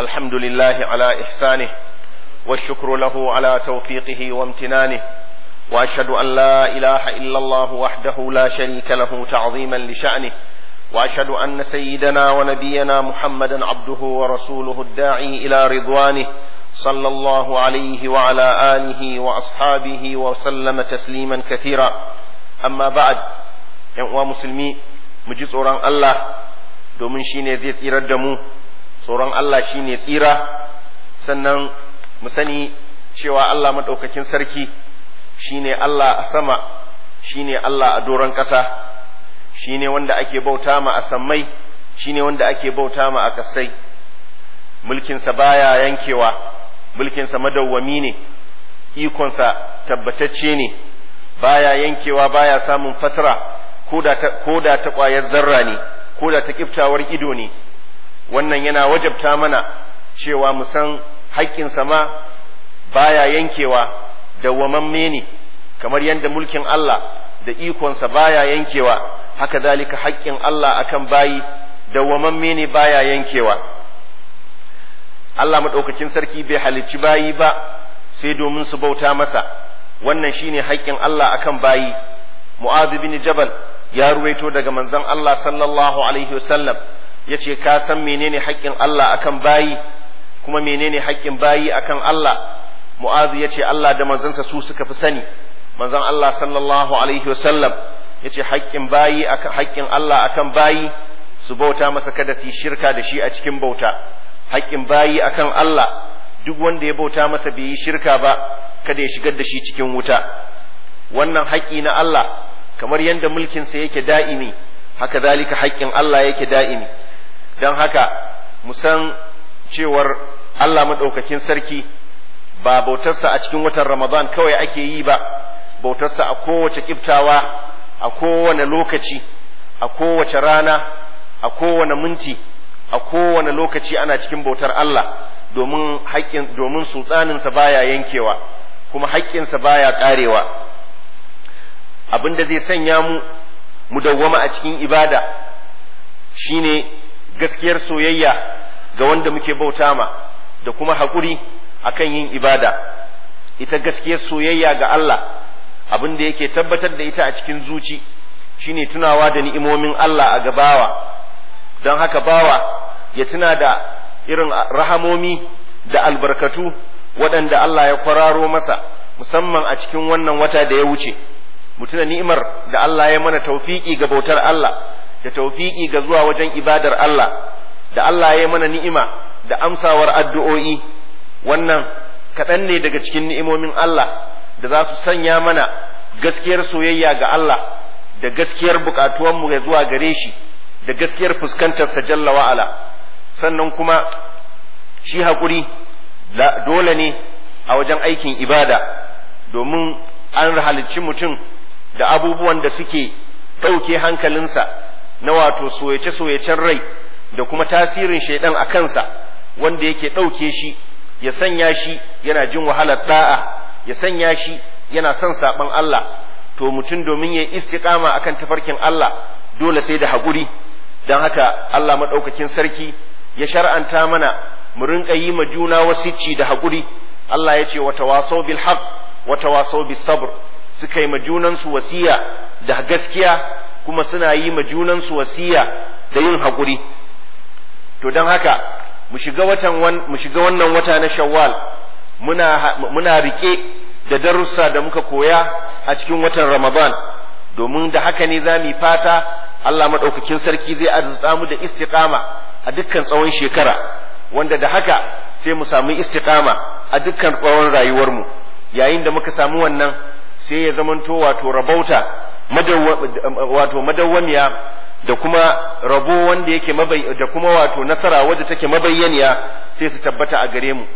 الحمد لله على إحسانه والشكر له على توفيقه وامتنانه وأشهد أن لا إله إلا الله وحده لا شريك له تعظيما لشأنه وأشهد أن سيدنا ونبينا محمدا عبده ورسوله الداعي إلى رضوانه صلى الله عليه وعلى آله وأصحابه وسلم تسليما كثيرا أما بعد يا مسلمي مجيء الله domin shine zai tsirar da mu tsoron Allah shi ne tsira sannan mu sani cewa Allah maɗaukakin sarki shi ne Allah a sama shi ne Allah a doron ƙasa shi ne wanda ake bauta ma a sammai shi ne wanda ake bauta ma a kasai mulkinsa baya yankewa mulkinsa madawwami ne ikonsa tabbatacce ne baya yankewa baya samun fatara ko da ta ƙwayar zarra ne ko da ta ƙiftawar ido ne wannan yana wajabta mana cewa mu san haƙƙinsa ma baya yankewa dawwamamme ne kamar yadda mulkin Allah da ikonsa baya yankewa haka zalika haƙƙin Allah akan bayi dawwamamme ne baya yankewa Allah maɗaukakin sarki bai halicci bayi ba sai domin su bauta masa wannan shine haƙƙin Allah akan bayi Mu'adh bin Jabal ya ruwaito daga manzon Allah sallallahu alaihi wasallam ya ce ka san menene haƙƙin Allah akan bayi kuma menene haƙƙin bayi akan Allah mu'azu ya ce Allah da manzansa su suka fi sani manzan Allah sallallahu alaihi wasallam ya ce haƙƙin bayi akan haƙƙin Allah akan bayi su bauta masa kada su shirka da shi a cikin bauta haƙƙin bayi akan Allah duk wanda ya bauta masa bai yi shirka ba kada ya shigar da shi cikin wuta wannan haƙƙi na Allah kamar yadda mulkinsa yake da'imi haka zalika haƙƙin Allah yake da'imi don haka musan cewar Allah maɗaukakin sarki ba bautarsa a cikin watan Ramadan kawai ake yi ba bautarsa a kowace kiftawa a kowane lokaci a kowace rana a kowane minti a kowane lokaci ana cikin bautar Allah domin haƙƙin domin sultaninsa baya yankewa kuma haƙƙinsa baya ƙarewa da zai sanya mu mu dawwama a cikin ibada shine gaskiyar soyayya ga wanda muke bauta ma da kuma haƙuri kan yin ibada ita gaskiyar soyayya ga Allah abin da yake tabbatar da ita a cikin zuci shine tunawa da ni'imomin Allah a gabawa don haka bawa ya tuna da irin rahamomi da albarkatu waɗanda Allah ya kwararo masa musamman a cikin wannan wata da ya wuce mu tuna ni'imar da Allah ya mana tawfiki ga bautar Allah da tawfiki ga zuwa wajen ibadar Allah da Allah ya mana ni'ima da amsawar addu'o'i wannan kaɗan ne daga cikin ni'imomin Allah da za su sanya mana gaskiyar soyayya ga Allah da gaskiyar buƙatuwanmu ga zuwa gare shi da gaskiyar fuskantar sa jalla wa'ala sannan kuma shi haƙuri dole ne a wajen aikin ibada domin an halicci mutum da abubuwan da suke ɗauke hankalinsa na wato soyace-soyacen rai da kuma tasirin shaidan a kansa wanda yake ɗauke shi ya sanya shi yana jin wahalar da'a ya sanya shi yana son saɓan Allah to mutum domin ya istiƙama akan tafarkin Allah dole sai da haƙuri don haka Allah maɗaukakin sarki ya shar'anta mana mu rinƙa yi ma juna wasicci da haƙuri Allah ya ce wata wasau bil haqq wa tawasau bis sabr suka yi ma junansu wasiya da gaskiya kuma suna yi ma junansu wasiya da yin haƙuri to don haka mu shiga watan mu shiga wannan wata na shawwal muna muna rike da darussa da muka koya a cikin watan ramadan domin da haka ne zamu mu fata Allah maɗaukakin sarki zai arzuta mu da istiqama a dukkan tsawon shekara wanda da haka sai mu samu istiqama a dukkan tsawon rayuwarmu yayin da muka samu wannan sai ya zamanto wato rabauta wato madawwamiya da kuma rabo wanda yake da kuma wato nasara wadda take mabayyaniya sai su tabbata a gare mu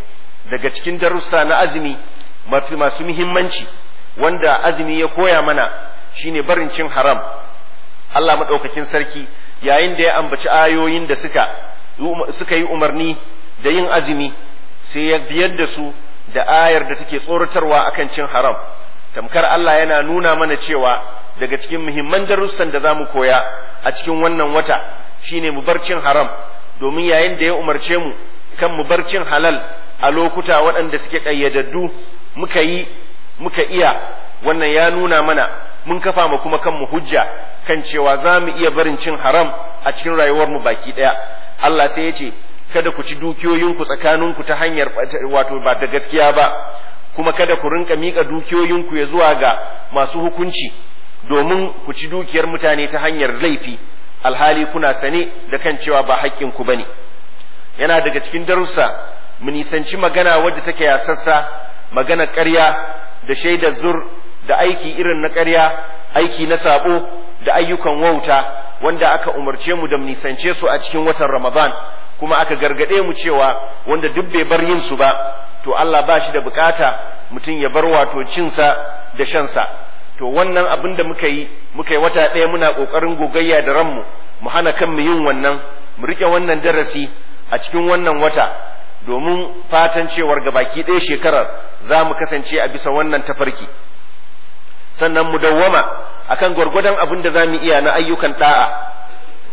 daga cikin darussa na azumi masu muhimmanci wanda azumi ya koya mana shine barin cin haram Allah maɗaukakin sarki yayin da ya ambaci ayoyin da suka um- suka yi umarni da yin azumi sai ya biyar da su da ayar da take tsoratarwa akan cin haram tamkar Allah yana nuna mana cewa daga cikin muhimman darussan da za mu koya a cikin wannan wata shine mu bar cin haram domin yayin da ya umarce mu kan mu bar cin halal a lokuta waɗanda suke ƙayyadaddu muka yi muka iya wannan ya nuna mana mun kafa mu kuma kanmu hujja kan cewa za mu iya barin cin haram a cikin rayuwarmu baki ɗaya Allah sai ya ce kada ku ci dukiyoyinku tsakaninku ta hanyar wato ba da gaskiya ba kuma kada ku rinka miƙa dukiyoyinku ya zuwa ga masu hukunci domin ku ci dukiyar mutane ta hanyar laifi alhali kuna sane da kan cewa ba haƙƙinku ku ne. yana daga cikin darussa mu nisanci magana wadda take yasassa magana ƙarya da shaidar zur da aiki irin na ƙarya aiki na sabo da ayyukan wauta wanda aka umarce mu da mu nisance su a cikin watan Ramadan kuma aka gargade mu cewa wanda duk bai bar yin su ba to Allah ba shi da bukata mutum ya bar wato cinsa da shansa to wannan abin da muka yi muka yi wata ɗaya muna ƙoƙarin gogayya da ranmu mu hana kanmu yin wannan mu riƙe wannan darasi a cikin wannan wata domin fatan cewar ga baki ɗaya shekarar za mu kasance a bisa wannan tafarki sannan mu dawwama akan gwargwadon abin da za mu iya na ayyukan ɗa'a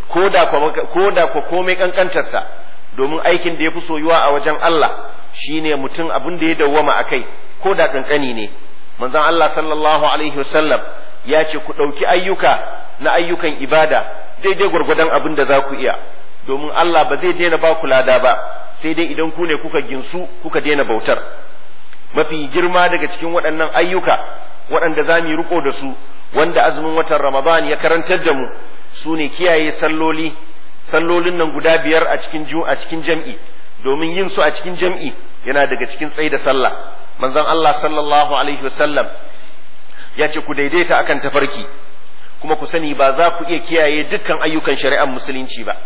ko da ko komai ƙanƙantarsa domin aikin da ya fi soyuwa a wajen Allah shine mutum abin da ya dawwama a kai ko da ƙanƙani ne manzon Allah sallallahu alaihi wasallam ya ce ku ɗauki ayyuka na ayyukan ibada daidai gwargwadon abin da za ku iya domin Allah ba zai daina ba ku lada ba sai dai idan ku ne kuka ginsu kuka daina bautar mafi girma daga cikin waɗannan ayyuka waɗanda za mu riko da su wanda azumin watan Ramadan ya karantar da mu su ne kiyaye salloli sallolin nan guda biyar a cikin jam'i domin yin su a cikin jam'i yana daga cikin tsayi da sallah manzon Allah sallallahu alaihi wasallam ya ce ku daidaita akan tafarki kuma ku sani ba za ku iya kiyaye dukkan ayyukan shari'ar musulunci ba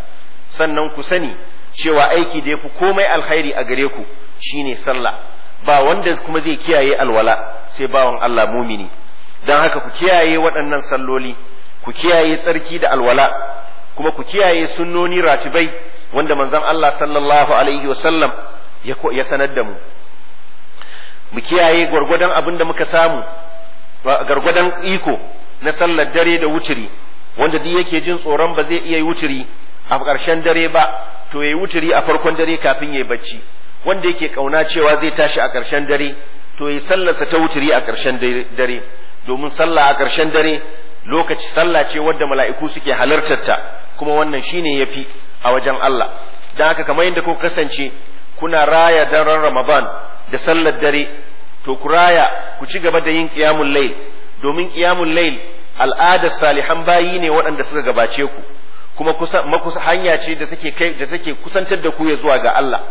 sannan ku sani cewa aiki da yafi komai alkhairi a gare ku shine sallah ba wanda kuma zai kiyaye alwala sai bawan Allah mumini don haka ku kiyaye waɗannan salloli ku kiyaye tsarki da alwala kuma ku kiyaye sunnoni ratibai wanda manzon Allah sallallahu alaihi wasallam ya sanar da mu mu kiyaye gwargwadon abin da muka samu gwargwadon iko na sallar dare da wuturi wanda duk yake jin tsoron ba zai iya yi wuturi a ƙarshen dare ba to yayi wuturi a farkon dare kafin yayi bacci wanda yake kauna cewa zai tashi a ƙarshen dare to yayi sallarsa ta wuturi a ƙarshen dare domin sallah a ƙarshen dare lokaci sallah ce wadda mala'iku suke halartar ta kuma wannan shine yafi a wajen Allah dan haka kamar yadda kuka kasance kuna raya daren Ramadan da sallar dare to ku raya ku ci gaba da yin qiyamul layl domin qiyamul layl al'adar salihan bayi ne waɗanda suka gabace ku kuma kusa makusa hanya ce da take kai da take kusantar da ku ya zuwa ga Allah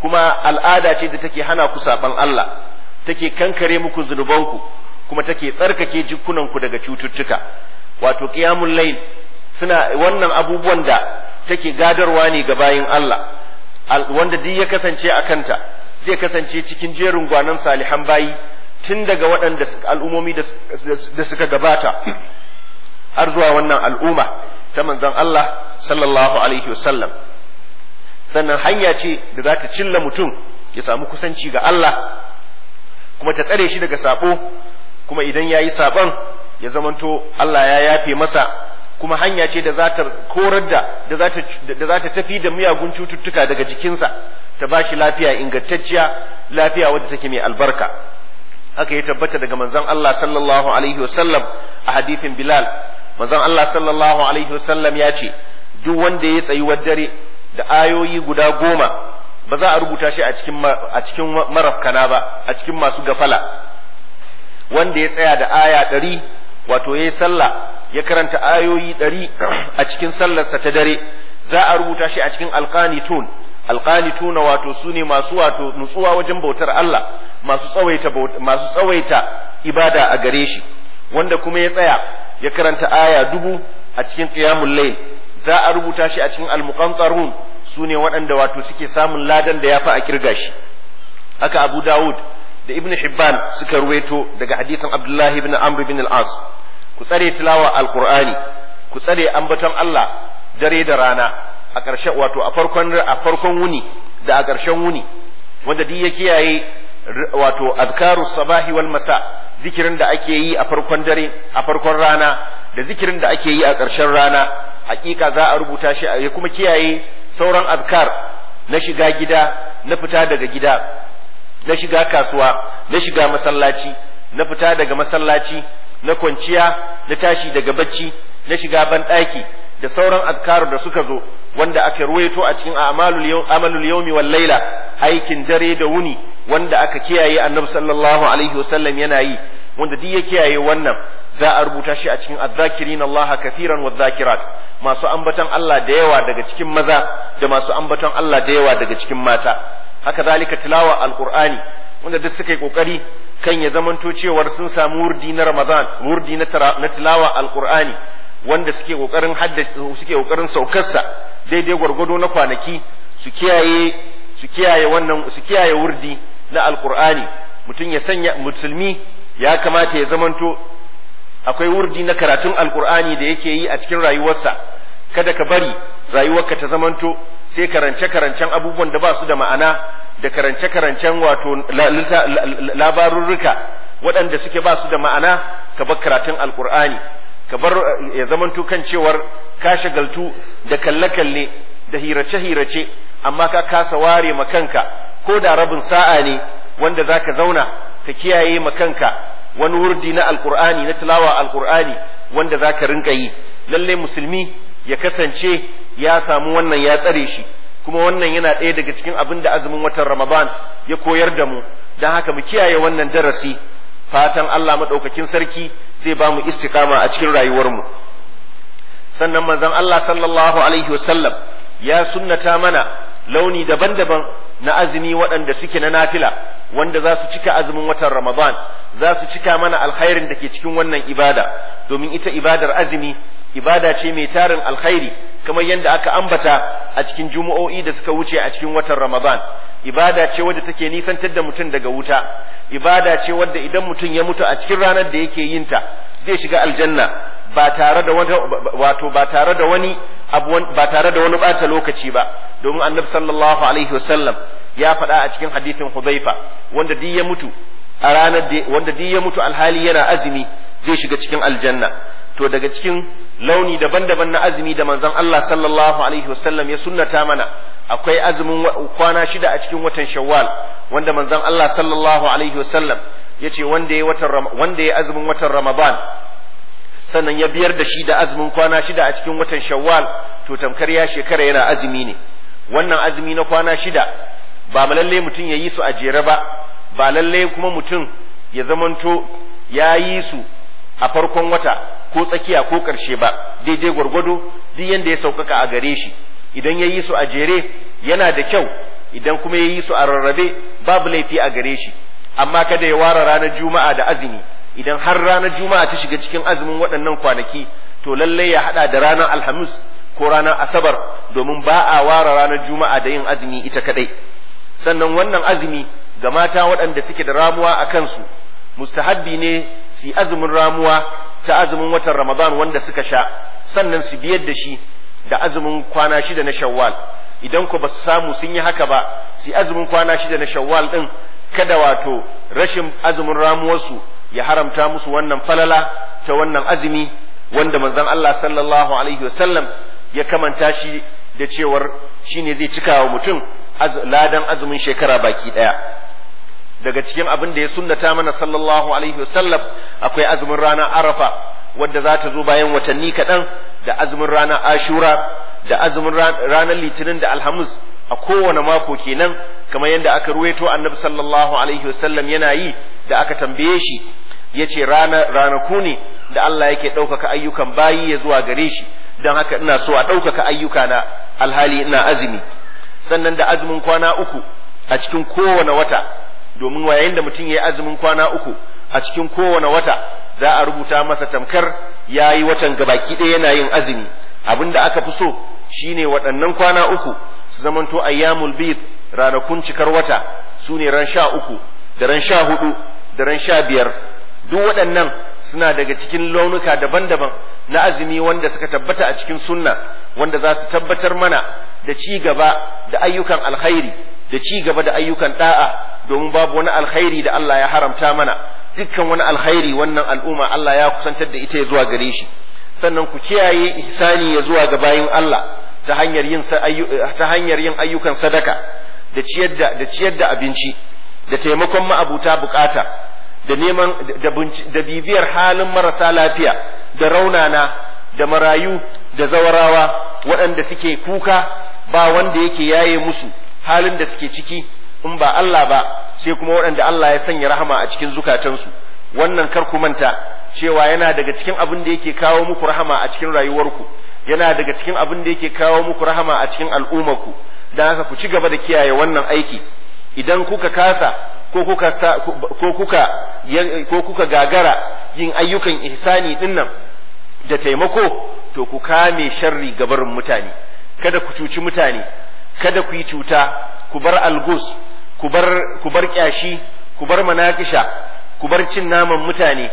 kuma al'ada ce da take hana ku saban Allah take kankare muku zunubanku kuma take tsarkake jikunanku daga cututtuka wato qiyamul layl suna wannan abubuwan da take gadarwa ne ga bayin Allah wanda duk ya kasance a kanta zai kasance cikin jerin gwanan salihan bayi tun daga waɗanda al'umomi da suka gabata har zuwa wannan al'umma ta manzon Allah sallallahu alaihi wasallam sannan hanya ce da za ta cilla mutum ya samu kusanci ga Allah kuma ta tsare shi daga sabo kuma idan ya yi saɓon ya zamanto Allah ya yafe masa kuma hanya ce da za ta korar da za ta tafi da miyagun cututtuka daga jikinsa ta ba shi lafiya ingantacciya lafiya wadda take mai albarka haka ya tabbata daga manzon Allah sallallahu alaihi wasallam a hadithin Bilal manzon Allah sallallahu alaihi wasallam ya ce duk wanda ya wa dare da ayoyi guda goma ba za a rubuta shi a cikin a cikin marafkana ba a cikin masu gafala wanda ya tsaya da aya ɗari wato ya yi sallah ya karanta ayoyi ɗari a cikin sallarsa ta dare za a rubuta shi a cikin alkanitun alqanituna wato sune masu wato nutsuwa wajen bautar Allah masu tsawaita ibada a gare shi wanda kuma ya tsaya ya karanta aya dubu a cikin qiyamul layl za a rubuta shi a cikin almuqantarun sune waɗanda wato suke samun ladan da yafi a kirga shi haka Abu Dawud da Ibn Hibban suka ruwaito daga hadisin Abdullahi ibn Amr ibn al-As ku tsare tilawa alqur'ani ku tsare ambaton Allah dare da rana a ƙarshen wato a farkon a farkon wuni da a ƙarshen wuni wanda duk ya kiyaye wato azkaru sabahi wal masa zikirin da ake yi a farkon dare a farkon rana da zikirin da ake yi a ƙarshen rana hakika za a rubuta shi ya kuma kiyaye sauran azkar na shiga gida na fita daga gida na shiga kasuwa na shiga masallaci na fita daga masallaci na kwanciya na tashi daga bacci na shiga banɗaki da sauran azkaru da suka zo wanda aka ruwaito a cikin amalul yawmi wal laila aikin dare da wuni wanda aka kiyaye annabi sallallahu alaihi wasallam yana yi wanda duk ya kiyaye wannan za a rubuta shi a cikin adzakirin Allah kafiran wa zakirat masu ambaton Allah da yawa daga cikin maza da masu ambaton Allah da yawa daga cikin mata haka zalika tilawa alqur'ani wanda duk suka yi kokari kan ya zamanto cewar sun samu wurdi na Ramadan wurdi na tilawa alqur'ani wanda suke kokarin haddace suke kokarin saukarsa daidai gwargwado na kwanaki su kiyaye su kiyaye wannan su kiyaye wurdi na alqur'ani mutum ya sanya musulmi ya kamata ya zamanto akwai wurdi na karatun alqur'ani da yake yi a cikin rayuwarsa kada ka bari rayuwarka ta zamanto sai karance-karancen abubuwan da ba su da ma'ana da karance-karancen wato labarurruka waɗanda suke ba su da ma'ana ka bar karatun alkur'ani ka bar eh, ya zamanto kan cewar ka shagaltu da kalle-kalle da hirace-hirace amma ka kasa ware ma kanka ko da rabin sa'a ne wanda za ka zauna ka kiyaye ma kanka wani wurdi na alkur'ani na tilawa alkur'ani wanda za ka rinka yi Lallai musulmi ya kasance ya samu wannan ya tsare shi kuma wannan yana ɗaya daga cikin abin da azumin watan ramadan ya koyar da mu don haka mu kiyaye wannan darasi fatan allah maɗaukakin sarki zai ba mu istiqama a cikin rayuwarmu sannan manzon Allah sallallahu alaihi wasallam ya sunnata mana launi daban-daban na azumi waɗanda suke na nafila wanda za su cika azumin watan Ramadan za su cika mana alkhairin da ke cikin wannan ibada domin ita ibadar azumi ibada ce mai tarin alkhairi kamar yadda aka ambata a cikin jumu'o'i da suka wuce a cikin watan Ramadan ibada ce wadda take nisantar da mutum daga wuta ibada ce wadda idan mutum ya mutu a cikin ranar da yake yin ta zai shiga aljanna ba tare da wani wato ba tare da wani abu ba tare da wani bata lokaci ba domin annabi sallallahu alaihi wasallam ya faɗa a cikin hadithin Hudhaifa wanda duk ya mutu a ranar wanda duk ya mutu alhali yana azumi zai shiga cikin aljanna to daga cikin launi daban-daban na azumi da manzon Allah sallallahu alaihi wasallam ya sunnata mana akwai azumin kwana shida a cikin watan Shawwal wanda manzon Allah sallallahu alaihi wasallam ya ce wanda ya watan wanda ya azumin watan Ramadan sannan ya biyar da shi da azumin kwana shida a cikin watan Shawwal to tamkar ya shekara yana azumi ne wannan azumi na kwana shida ba lalle mutum ya yi su a jere ba ba lalle kuma mutum ya zamanto ya yi su a farkon wata ko tsakiya ko ƙarshe ba daidai gwargwado duk yanda ya sauƙaƙa a gare shi idan ya yi su a jere yana da kyau idan kuma ya yi su a rarrabe babu laifi a gare shi amma kada ya ware ranar juma'a da azumi idan har ranar juma'a ta shiga cikin azumin waɗannan kwanaki to lallai ya haɗa da ranar alhamis ko ranar asabar domin ba a ware ranar juma'a da yin azumi ita kaɗai sannan wannan azumi ga mata waɗanda suke da ramuwa a kansu mustahabbi ne su azumin ramuwa ta azumin watan Ramadan wanda suka sha sannan su biyar da shi da azumin kwana shida na Shawwal idan ku ba su samu sun yi haka ba su azumin kwana shida na Shawwal ɗin kada wato rashin azumin ramuwarsu ya haramta musu wannan falala ta wannan azumi wanda manzon Allah sallallahu alaihi wasallam ya kamanta shi da cewar shine zai cika wa mutum ladan azumin shekara baki daya daga cikin abin da ya sunnata mana sallallahu alaihi wasallam akwai azumin rana arafa wadda za ta zo bayan watanni kaɗan da azumin rana ashura da azumin ranar litinin da alhamis a kowane mako kenan kamar yadda aka ruwaito annabi sallallahu alaihi wasallam yana yi da aka tambaye shi ya ce ranaku ne da Allah yake ɗaukaka ayyukan bayi ya zuwa gare shi don haka ina so a ɗaukaka ayyuka na alhali ina azumi sannan da azumin kwana uku a cikin kowane wata domin yayin da mutum ya yi azumin kwana uku a cikin kowane wata za a rubuta masa tamkar ya yi watan gabaki ɗaya yana yin azumi abin da aka fi so shi ne waɗannan kwana uku su zamanto ayyamul bid ranakun cikar wata su ne ran sha uku da ran sha hudu da ran sha biyar duk waɗannan suna daga cikin launuka daban-daban na azumi wanda suka tabbata a cikin sunna wanda za su tabbatar mana da ci gaba da ayyukan alkhairi da ci gaba da ayyukan da'a domin babu wani alkhairi da Allah ya haramta mana dukkan wani alkhairi wannan al'umma Allah ya kusantar da ita zuwa gare shi sannan ku kiyaye ihsani ya zuwa ga bayin Allah ta hanyar yin ta hanyar yin ayyukan sadaka da ciyar da da ciyar da abinci da taimakon ma'abuta bukata da neman da bibiyar halin marasa lafiya da raunana da marayu da zawarawa waɗanda suke kuka ba wanda yake yaye musu halin da suke ciki in ba Allah ba sai kuma waɗanda Allah ya sanya rahama a cikin zukatansu wannan kar ku manta cewa yana daga cikin abin da yake kawo muku rahama a cikin rayuwarku yana daga cikin abin da yake kawo muku rahama a cikin al'ummarku dan haka ku ci gaba da kiyaye wannan aiki idan kuka kasa ko kuka ko kuka ko kuka gagara yin ayyukan ihsani dinnan da taimako to ku kame sharri gabarin mutane kada ku cuci mutane kada ku yi cuta ku bar algus ku bar kyashi ku bar manakisha ku bar cin naman mutane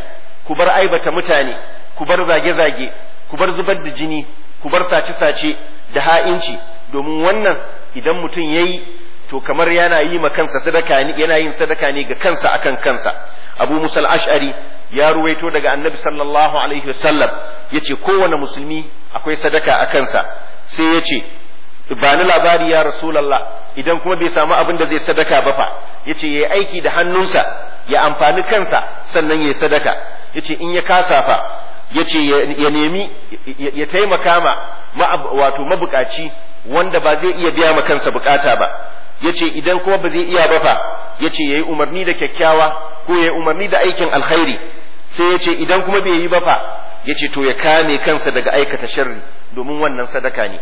ku bar aibata mutane ku bar zage-zage ku bar zubar da jini ku bar sace-sace da ha'inci domin wannan idan mutum yayi to kamar yana yi ma kansa sadaka ne yana yin sadaka ne ga kansa akan kansa Abu ashari ya ruwaito daga Annabi sallallahu alaihi wasallam yace kowane musulmi akwai sadaka a kansa sai yace ce ni labari ya rasulallah idan kuma bai samu abin da zai sadaka ba fa yace yayi aiki da hannunsa ya amfani kansa sannan yayi sadaka yace in ya kasa fa yace ya nemi ya taimaka ma wato mabukaci wanda ba zai iya biya ma kansa bukata ba yace idan kuma ba zai iya ba fa yace yayi umarni da kyakkyawa ko yayi umarni da aikin alkhairi sai yace idan kuma bai yi ba fa yace to ya kame kansa daga aikata sharri domin wannan sadaka ne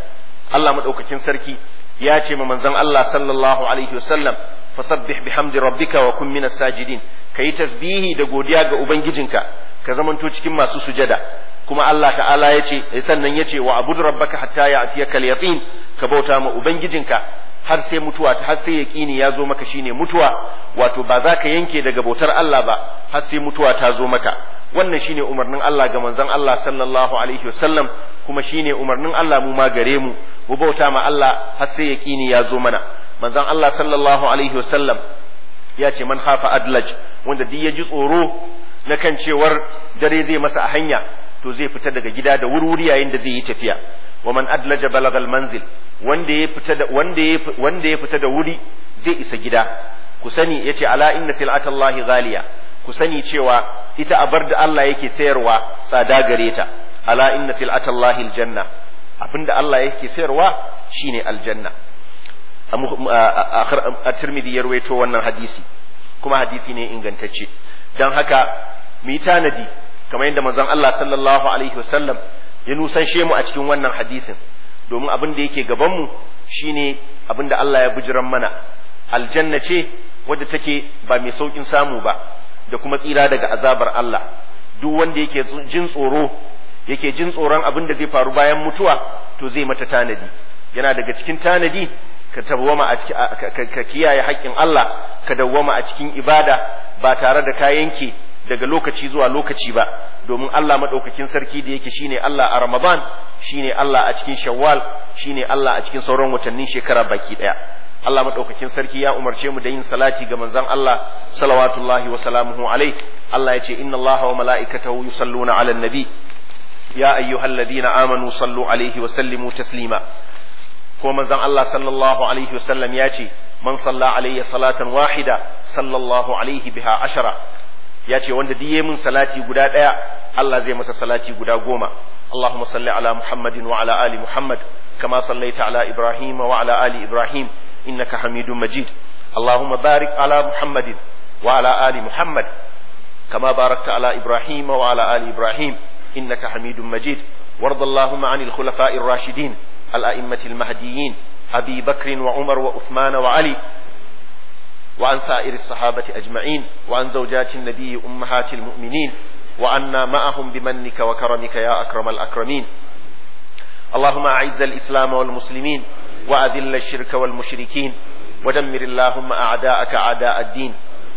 Allah madaukakin sarki ya ce ma manzon Allah sallallahu alaihi wasallam fasabbih bihamdi rabbika wa kun minas sajidin kayi tasbihi da godiya ga ubangijinka ka zamanto cikin masu sujada kuma Allah ta'ala ya ce eh, sannan ya ce wa abud rabbaka hatta ya'tiyaka al-yaqin ka bauta ma ubangijinka har sai mutuwa ta har sai yaqini ya zo maka shine mutuwa wato ba za ka yanke daga bautar Allah ba har sai mutuwa ta zo maka wannan shine umarnin Allah ga manzon Allah sallallahu alaihi wasallam kuma shine umarnin Allah mu ma gare mu mu bauta ma Allah har sai yaqini ya zo mana manzon Allah sallallahu alaihi wasallam ya ce man hafa adlaj wanda duk ya ji tsoro na kan cewar dare zai masa a hanya to zai fita daga gida da wurwuri yayin da zai yi tafiya wa man adlaja balagal manzil wanda ya fita da wanda ya wanda ya fita da wuri zai isa gida ku sani yace ala inna silatallahi ghaliya ku sani cewa ita abar da Allah yake sayarwa tsada gare ta ala inna fil atallahi aljanna abinda Allah yake sayarwa shine aljanna a tirmidhi ya wannan hadisi kuma hadisi ne ingantacce dan haka mu tanadi kamar yadda manzon Allah sallallahu alaihi wasallam ya nusanshe mu a cikin wannan hadisin domin abin da yake gaban mu shine abin da Allah ya bujiran mana aljanna ce wadda take ba mai saukin samu ba da kuma tsira daga azabar Allah duk wanda yake jin tsoro yake jin tsoron abin da zai faru bayan mutuwa to zai mata tanadi yana daga cikin tanadi ka a cikin ka kiyaye haƙƙin Allah ka dawwama a cikin ibada ba tare da ka yanke daga lokaci zuwa lokaci ba domin Allah madaukakin sarki da yake shine Allah a Ramadan shine Allah a cikin Shawwal shine Allah a cikin sauran watannin shekara baki daya Allah maɗaukakin sarki ya umarce mu da yin salati ga manzon Allah salawatullahi wa salamuhu alaihi Allah ya ce inna Allaha wa mala'ikatahu yusalluna 'alan nabi ya ayyuhalladhina amanu sallu alaihi wa sallimu taslima ko manzon Allah sallallahu alaihi sallam ya ce man salla alayya salatan wahida sallallahu alaihi biha ashara ya ce wanda diye mun salati guda daya Allah zai masa salati guda goma Allahumma salli ala Muhammadin wa ala ali Muhammad kama sallaita ala Ibrahim wa ala ali Ibrahim إنك حميد مجيد اللهم بارك على محمد وعلى آل محمد كما باركت على إبراهيم وعلى آل إبراهيم إنك حميد مجيد وارض اللهم عن الخلفاء الراشدين الأئمة المهديين أبي بكر وعمر وأثمان وعلي وعن سائر الصحابة أجمعين وعن زوجات النبي أمهات المؤمنين وعنا معهم بمنك وكرمك يا أكرم الأكرمين اللهم أعز الإسلام والمسلمين وأذل الشرك والمشركين ودمر اللهم أعداءك أعداء الدين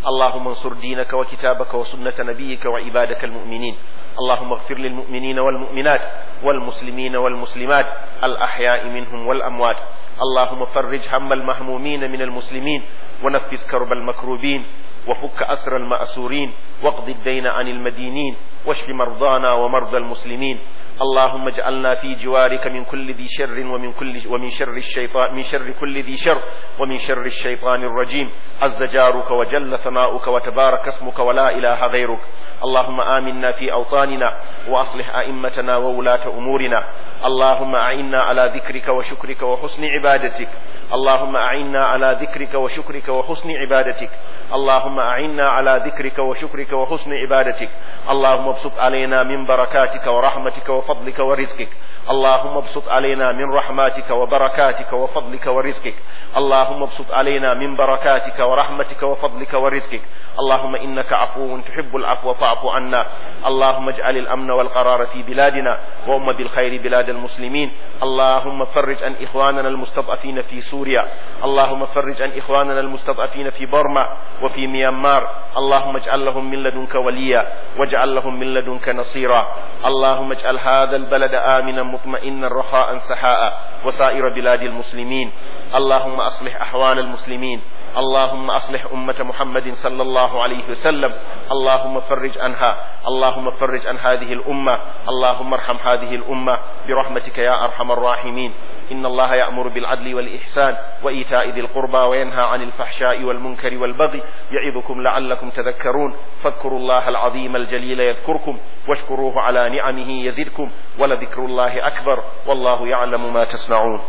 اللهم انصر دينك وكتابك وسنة نبيك وعبادك المؤمنين اللهم اغفر للمؤمنين والمؤمنات والمسلمين والمسلمات الأحياء منهم والأموات اللهم فرج هم المهمومين من المسلمين ونفس كرب المكروبين وفك أسر المأسورين واقض الدين عن المدينين واشف مرضانا ومرضى المسلمين اللهم اجعلنا في جوارك من كل ذي شر ومن كل ومن شر الشيطان من شر كل ذي شر ومن شر الشيطان الرجيم عز جارك وجل ثناؤك وتبارك اسمك ولا اله غيرك اللهم آمنا في أوطاننا وأصلح أئمتنا وولاة أمورنا اللهم أعنا على ذكرك وشكرك وحسن عبادتك عبادتك اللهم أعنا على ذكرك وشكرك وحسن عبادتك اللهم أعنا على ذكرك وشكرك وحسن عبادتك اللهم ابسط علينا من بركاتك ورحمتك وفضلك ورزقك اللهم ابسط علينا من رحماتك وبركاتك وفضلك ورزقك اللهم ابسط علينا من بركاتك ورحمتك وفضلك ورزقك اللهم إنك عفو تحب العفو فاعف عنا اللهم اجعل الأمن والقرار في بلادنا وأم بالخير بلاد المسلمين اللهم فرج عن إخواننا المسلمين المستضعفين في سوريا اللهم فرج عن إخواننا المستضعفين في برما وفي ميانمار اللهم اجعل لهم من لدنك وليا واجعل لهم من لدنك نصيرا اللهم اجعل هذا البلد آمنا مطمئنا رخاء سحاء وسائر بلاد المسلمين اللهم أصلح أحوال المسلمين اللهم أصلح أمة محمد صلى الله عليه وسلم اللهم فرج عنها اللهم فرج عن هذه الأمة اللهم ارحم هذه الأمة برحمتك يا أرحم الراحمين إن الله يأمر بالعدل والإحسان وإيتاء ذي القربى وينهى عن الفحشاء والمنكر والبغي يعظكم لعلكم تذكرون فاذكروا الله العظيم الجليل يذكركم واشكروه على نعمه يزدكم ولذكر الله أكبر والله يعلم ما تصنعون